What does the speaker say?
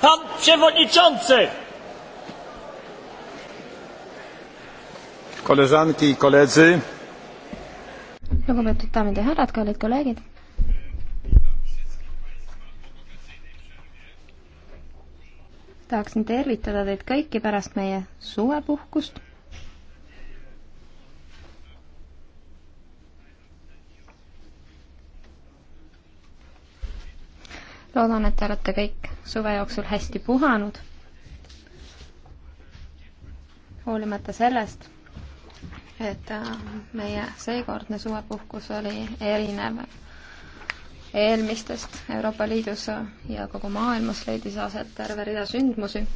Pan Przewodniczący! Koleżanki i koledzy. Lugupeetud daamid ja härrad, kallid kolleegid. tahaksin tervitada teid kõiki pärast meie suvepuhkust loodan, et te olete kõik suve jooksul hästi puhanud. hoolimata sellest, et äh, meie seekordne suvepuhkus oli erinev eelmistest Euroopa Liidus ja kogu maailmas leidis aset terve rida sündmusi